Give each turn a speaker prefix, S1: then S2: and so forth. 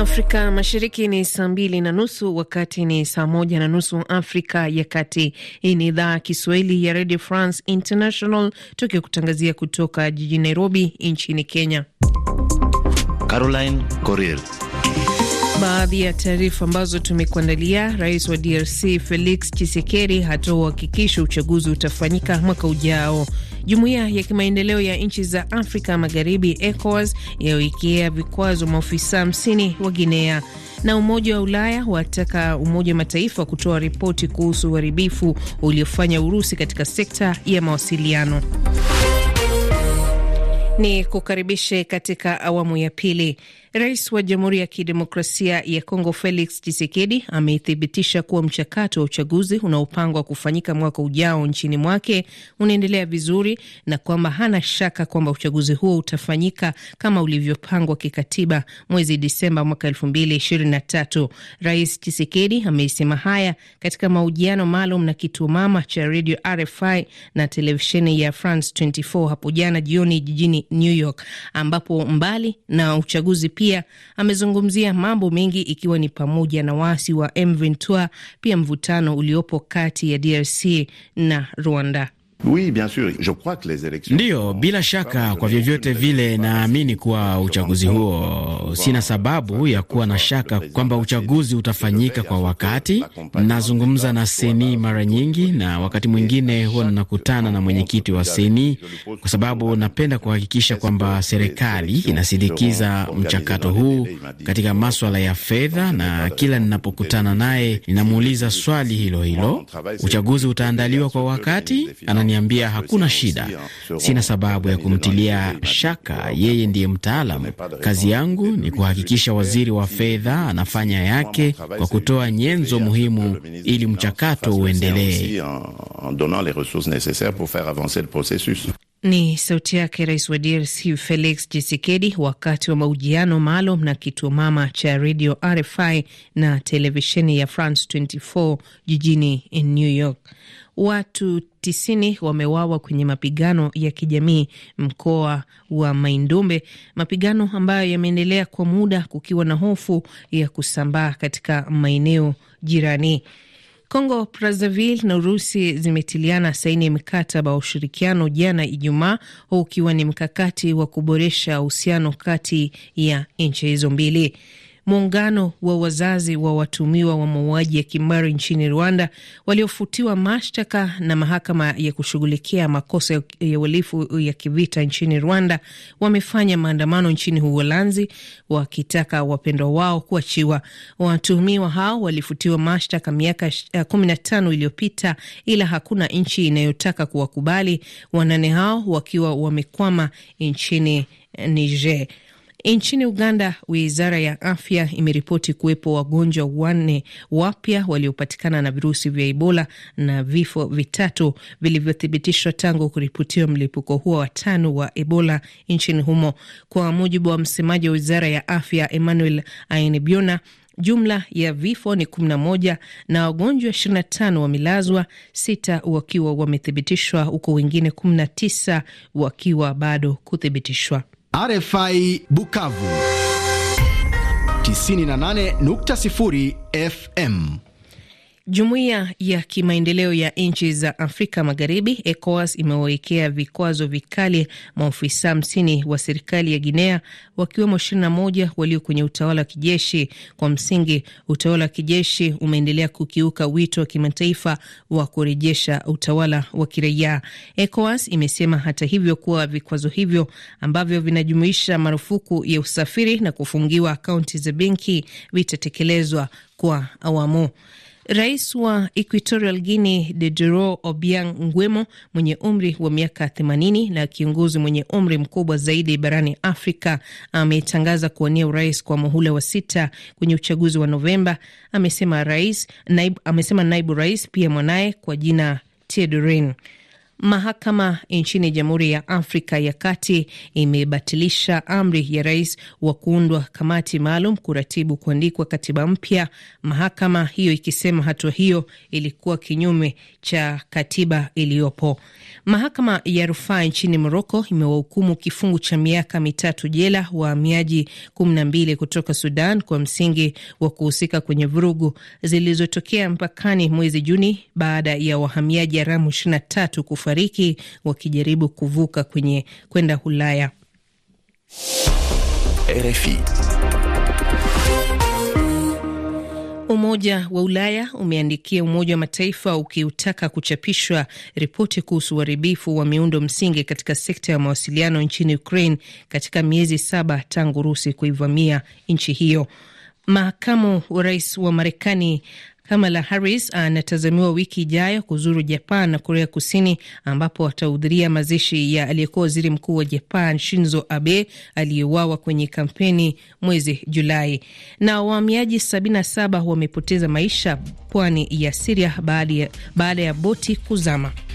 S1: Afrika Mashariki ni saa mbili na nusu wakati ni saa moja na nusu Afrika ya Kati. Hii ni idhaa Kiswahili ya Radio France International tukikutangazia kutoka jijini Nairobi nchini Kenya.
S2: Caroline Corel.
S1: Baadhi ya taarifa ambazo tumekuandalia: Rais wa DRC Felix Tshisekedi hatoa uhakikisho uchaguzi utafanyika mwaka ujao. Jumuiya ya kimaendeleo ya nchi za Afrika Magharibi, ECOWAS, yawekea vikwazo maofisa 50 wa Guinea na Umoja wa Ulaya wataka Umoja wa Mataifa kutoa ripoti kuhusu uharibifu uliofanya Urusi katika sekta ya mawasiliano. Ni kukaribishe katika awamu ya pili. Rais wa Jamhuri ya Kidemokrasia ya Kongo Felix Tshisekedi amethibitisha kuwa mchakato wa uchaguzi unaopangwa kufanyika mwaka ujao nchini mwake unaendelea vizuri na kwamba hana shaka kwamba uchaguzi huo utafanyika kama ulivyopangwa kikatiba mwezi Disemba mwaka elfu mbili ishirini na tatu. Rais Tshisekedi ameisema haya katika mahojiano maalum na kituo mama cha redio RFI na televisheni ya France 24 hapo jana jioni jijini New York, ambapo mbali na uchaguzi pia amezungumzia mambo mengi ikiwa ni pamoja na waasi wa M23 pia mvutano uliopo kati ya DRC na Rwanda.
S2: Ndiyo, bila shaka, kwa vyovyote vile naamini kuwa uchaguzi huo, sina sababu ya kuwa na shaka kwamba uchaguzi utafanyika kwa wakati. Nazungumza na seni mara nyingi, na wakati mwingine huwa ninakutana na mwenyekiti wa seni, kwa sababu napenda kuhakikisha kwamba serikali inasindikiza mchakato huu katika maswala ya fedha, na kila ninapokutana naye ninamuuliza swali hilo hilo, uchaguzi utaandaliwa kwa wakati Anani akaniambia hakuna shida. Sina sababu ya kumtilia shaka, yeye ndiye mtaalam. Kazi yangu ni kuhakikisha waziri wa fedha anafanya yake kwa kutoa nyenzo muhimu ili mchakato uendelee.
S1: Ni sauti yake Rais wa DRC Felix Tshisekedi wakati wa mahojiano maalum na kituo mama cha redio RFI na televisheni ya France 24 jijini New York. Watu tisini wamewawa kwenye mapigano ya kijamii mkoa wa Maindombe, mapigano ambayo yameendelea kwa muda kukiwa na hofu ya kusambaa katika maeneo jirani. congo Brazzaville na Urusi zimetiliana saini ya mkataba wa ushirikiano jana Ijumaa, huu ukiwa ni mkakati wa kuboresha uhusiano kati ya nchi hizo mbili. Muungano wa wazazi wa watumiwa wa mauaji ya kimbari nchini Rwanda waliofutiwa mashtaka na mahakama ya kushughulikia makosa ya uhalifu ya kivita nchini Rwanda wamefanya maandamano nchini Uholanzi wakitaka wapendwa wao kuachiwa. Watuhumiwa hao walifutiwa mashtaka miaka eh, kumi na tano iliyopita, ila hakuna nchi inayotaka kuwakubali wanane hao wakiwa wamekwama nchini Niger. Nchini Uganda, wizara ya afya imeripoti kuwepo wagonjwa wanne wapya waliopatikana na virusi vya Ebola na vifo vitatu vilivyothibitishwa tangu kuripotiwa mlipuko huo wa tano wa Ebola nchini humo, kwa mujibu wa msemaji wa wizara ya afya Emmanuel Ainebiona. Jumla ya vifo ni 11 na wagonjwa 25 wamelazwa, sita wakiwa wamethibitishwa, huko wengine 19 wakiwa bado kuthibitishwa. RFI Bukavu 98.0 FM. Jumuiya ya kimaendeleo ya nchi za Afrika Magharibi, ECOWAS, imewawekea vikwazo vikali maofisa hamsini wa serikali ya Guinea, wakiwemo 21 walio kwenye utawala wa kijeshi. Kwa msingi, utawala wa kijeshi umeendelea kukiuka wito wa kimataifa wa kurejesha utawala wa kiraia. ECOWAS imesema hata hivyo kuwa vikwazo hivyo ambavyo vinajumuisha marufuku ya usafiri na kufungiwa akaunti za benki vitatekelezwa kwa awamu. Rais wa Equatorial Guinea Diderot Obiang ngwemo mwenye umri wa miaka 80 na kiongozi mwenye umri mkubwa zaidi barani Afrika ametangaza kuwania urais kwa muhula wa sita kwenye uchaguzi wa Novemba. Amesema rais naibu, amesema naibu rais pia mwanaye kwa jina Teodorin Mahakama nchini Jamhuri ya Afrika ya Kati imebatilisha amri ya rais wa kuundwa kamati maalum kuratibu kuandikwa katiba mpya, mahakama hiyo ikisema hatua hiyo ilikuwa kinyume cha katiba iliyopo. Mahakama ya rufaa nchini Moroko imewahukumu kifungu cha miaka mitatu jela wahamiaji kumi na mbili kutoka Sudan kwa msingi wa kuhusika kwenye vurugu zilizotokea mpakani mwezi Juni baada ya wahamiaji haramu tatu kufa wamefariki wakijaribu kuvuka kwenye kwenda Ulaya. RFI. Umoja wa Ulaya umeandikia Umoja wa Mataifa ukiutaka kuchapishwa ripoti kuhusu uharibifu wa miundo msingi katika sekta ya mawasiliano nchini Ukraine katika miezi saba tangu Urusi kuivamia nchi hiyo. Makamu wa rais wa Marekani Kamala Harris anatazamiwa wiki ijayo kuzuru Japan na Korea Kusini, ambapo atahudhuria mazishi ya aliyekuwa waziri mkuu wa Japan Shinzo Abe aliyeuawa kwenye kampeni mwezi Julai. Na wahamiaji 77 wamepoteza maisha pwani ya Siria baada ya boti kuzama.